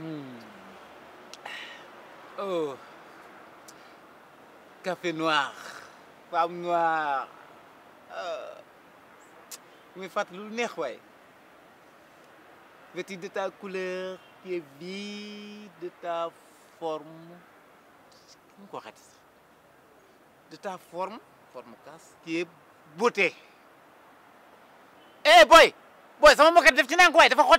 Hmm. Oh, café noir, femme noire. Oh. Mais faites-le ouais. waay. Vêtu de ta couleur, qui est vide de ta forme. Comment de ta forme, forme casse, qui est beauté. Eh hey boy, boy m'a moquette de ci nank waay dafa quoi?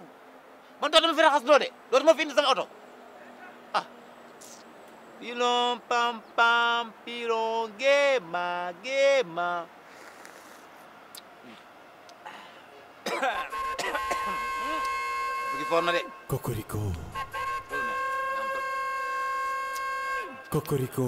man dootuma fi raxas loo de dootuma fi indi ah pilon pam pam pilon géema géema bugi foor na de kokoriko kokoriko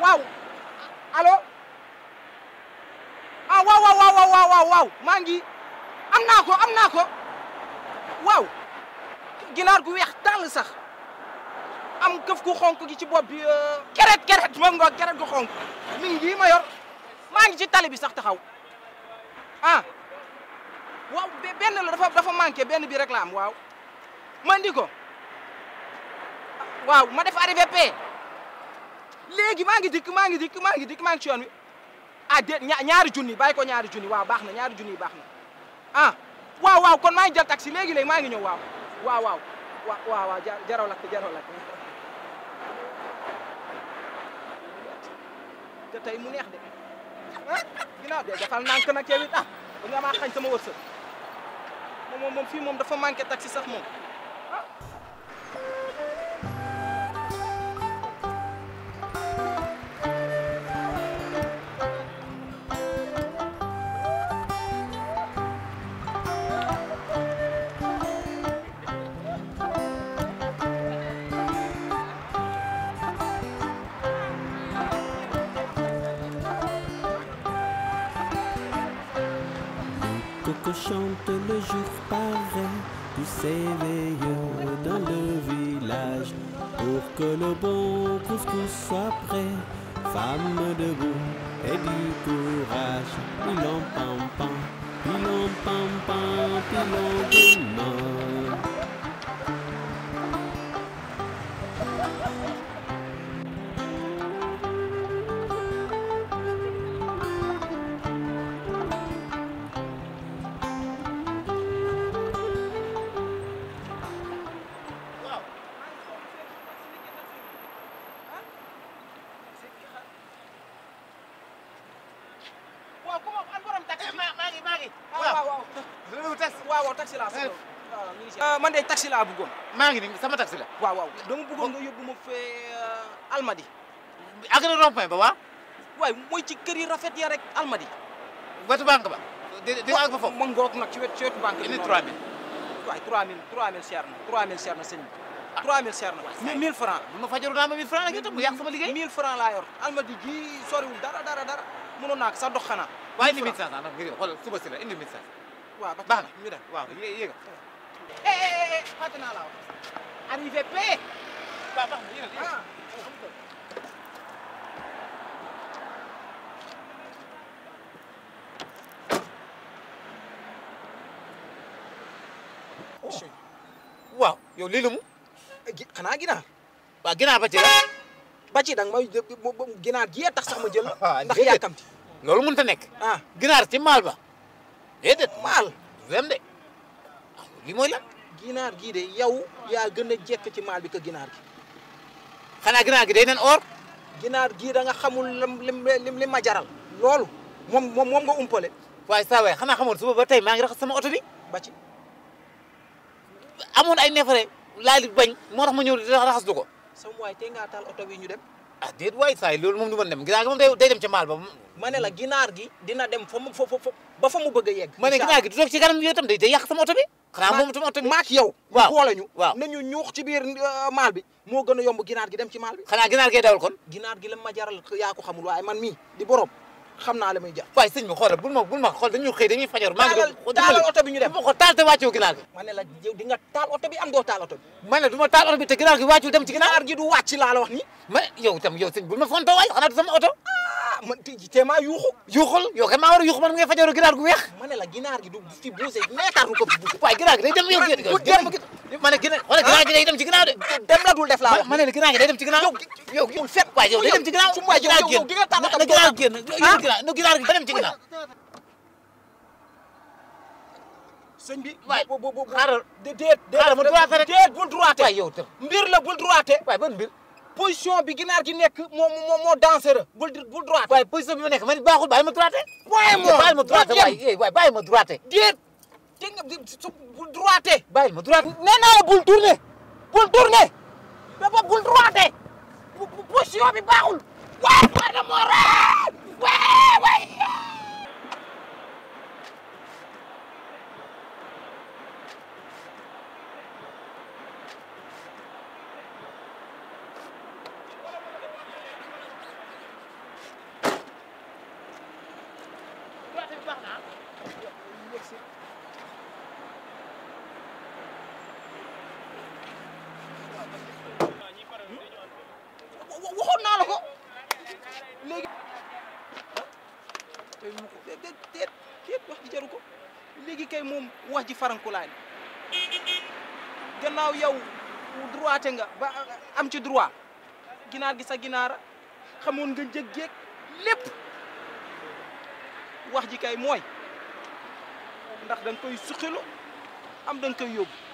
waaw allo ah waaw waaw waaw maa ngi am naa ko am naa ko waaw gi naar gu weex tàll sax am këf gu xonk gi ci bopp bi euh, keret keret ma ngoo keret gu xonk mi ngi ma yor maa ngi ci tali bi sax taxaw a ah. waaw benn la dafa dafa manqué benn bi rek la am waaw ma ndi ko waaw ma def arrivé p léegi maa ngi dikk maa ngi dikk maa ngi dikk maa ngi ci yoon wi ah déet ñaari junni bàyyi ko ñaari junni waaw baax na ñaari junni baax na ah waaw waaw kon maa ngi jël taxi léegi léegi maa ngi ñëw waaw waaw waaw waaw waaw jaraw lakk jaraw lakk te tey mu neex de ah ginnaaw de dafal nànk nag yow it ah da nga maa xañ sama wërsëg moom moom fii moom dafa manqué taxi sax moom chante le jour paraît, Tu s'éveilles dans le village, pour que le bon couscous soit prêt. Femme debout et du courage, pilon pam pam, pilon pam pam, pilon pam taxi waaw waaw réew taxi waaw waaw taxi laa soxla eh. ah, ah, man de taxi laa maa ngi ni sama taxi la waaw waaw dama oh. bëggoon nga yóbbu ma fee ah, almadi ak na rond-point ba waaw waay mooy ci kër yi rafet ya rek almadi wetu banque ba di ak ba foofu ma ngoog nag ci wetu ci wetu banque bi indi 3000 waay 3000 3000 cher na 3000 cher na sëñ bi 3000 cher na 1000 francs bu ma fajaru naa ma 1000 francs ak itam mu yàq sama liggéey 1000 francs laa yor almadi ji soriwul dara dara dara mënoon naa ko sax dox xanaa. waaye indi 1500 ndax gis nga xoolal suba si la indi 1500. waaw ba baax na ñu dem waaw yéeg a. fàtte naa la wax. arrivé payé. waaw baax na yéen a waaw yow lii la mu. xanaa ginaar. waaw ginaar ba ci la. ba ci dang may ginaar gi tax sax ma jël ah, ndax yàkkamti loolu mënut a nekk ah ginaar ci maal ba déedéet maal dem de li mooy lan ginaar gii de yow yaa gën a jekk ci maal bi ka ginaar gi xanaa ginaar gi day nen or ginaar gii danga xamu xamul lim lim ma jaral loolu moom moom moom nga umpale waaye saa waay xanaa xamoon suba ba tey maa ngi raxas sama oto bi ba ci amoon ay neefare laali bañ moo tax ma ñëw di raxas du ko sama waay tey ngaa taal oto bi ñu dem. ah déet waay saay loolu moom du mën dem ginaar gi moom day dem ca maal ba. gi dina dem fa mu fa mu bëgg yegg. ma ne ginaar gi du toog ci kanam yow itam moom sama oto bi maak yow. waaw boole ñu. waaw nañu ñuux ci biir euh, maal bi moo gën a yomb ginaar gi dem ci maal bi. xanaa ginaar gee dawal kon. ginaar gi la ma jaral yaa ko xamul waaye man mii di borom xam naa la muy jar waaye sëñ bi xoolal bul ma bul ma xool dañu xëy dañuy fajar maa ngi taalal oto bi ñu dem bu ko taal te wàccoo ginaar gi ma ne la yow di nga taal oto bi am doo taal oto bi ma ne du ma taal oto bi te ginaar gi wàccul dem ci ginaar gi du wàcc laa la wax ni ma yow tam yow sëñ bul ma fonto waay xanaa du sama oto ah man tey maa yuuxu. yuuxul yow kat maa war a yuuxu man mi ngi fajaru gu weex. ma ne la ginaar gi du fi buuse meetar ko bu waaye ginaar gi day dem yow. ginaar gi ma gi dem la dul def laa ma ne la ginaar gi dem ci ginnaaw. yow dem ci ginaar génn na ginaar ginaar gi dem ci ginnaaw. sëñ bi waay boo boo boo xaaral déet déet. xaaral ma droité déet bul droité. yow tam mbir la bul droité. waay ban position bi ginaar ki nekk moo moo moo dangereux bul bul droite. waaye position bi nekk man baaxul bàyyi ma droite. waaye moo bàyyi ma droite waaye eh, waaye bàyyi ma droite. déet dégg nga su bul droite. bàyyi droite bul tourner bul tourner bul droite waaye waaye moo raad moom wax ji farankulaan gannaaw yow droité nga ba am ci droit ginaar gi sa ginaara xamoon nga jëggeeg lépp wax ji kay mooy ndax da koy suqilu am da koy yóbbu